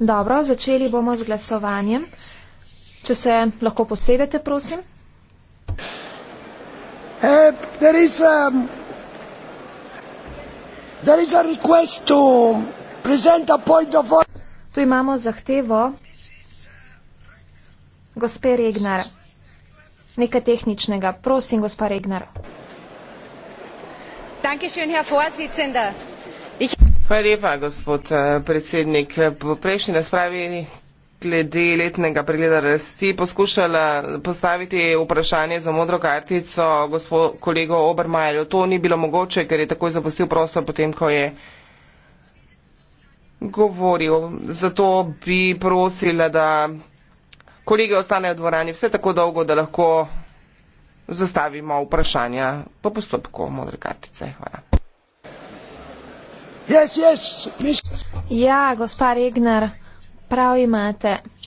Dobro, začeli bomo z glasovanjem. Če se lahko posedete, prosim. Uh, um, tu imamo zahtevo gospe Regnar. Nekaj tehničnega. Prosim, gospa Regnar. Hvala lepa, gospod eh, predsednik. V prejšnji razpravi glede letnega pregleda rasti poskušala postaviti vprašanje za modro kartico gospod kolego Obermajerju. To ni bilo mogoče, ker je takoj zapustil prostor potem, ko je govoril. Zato bi prosila, da kolege ostanejo v dvorani vse tako dolgo, da lahko zastavimo vprašanja po postopku modre kartice. Hvala. Yes, yes, ja, gospa Regnar, prav imate.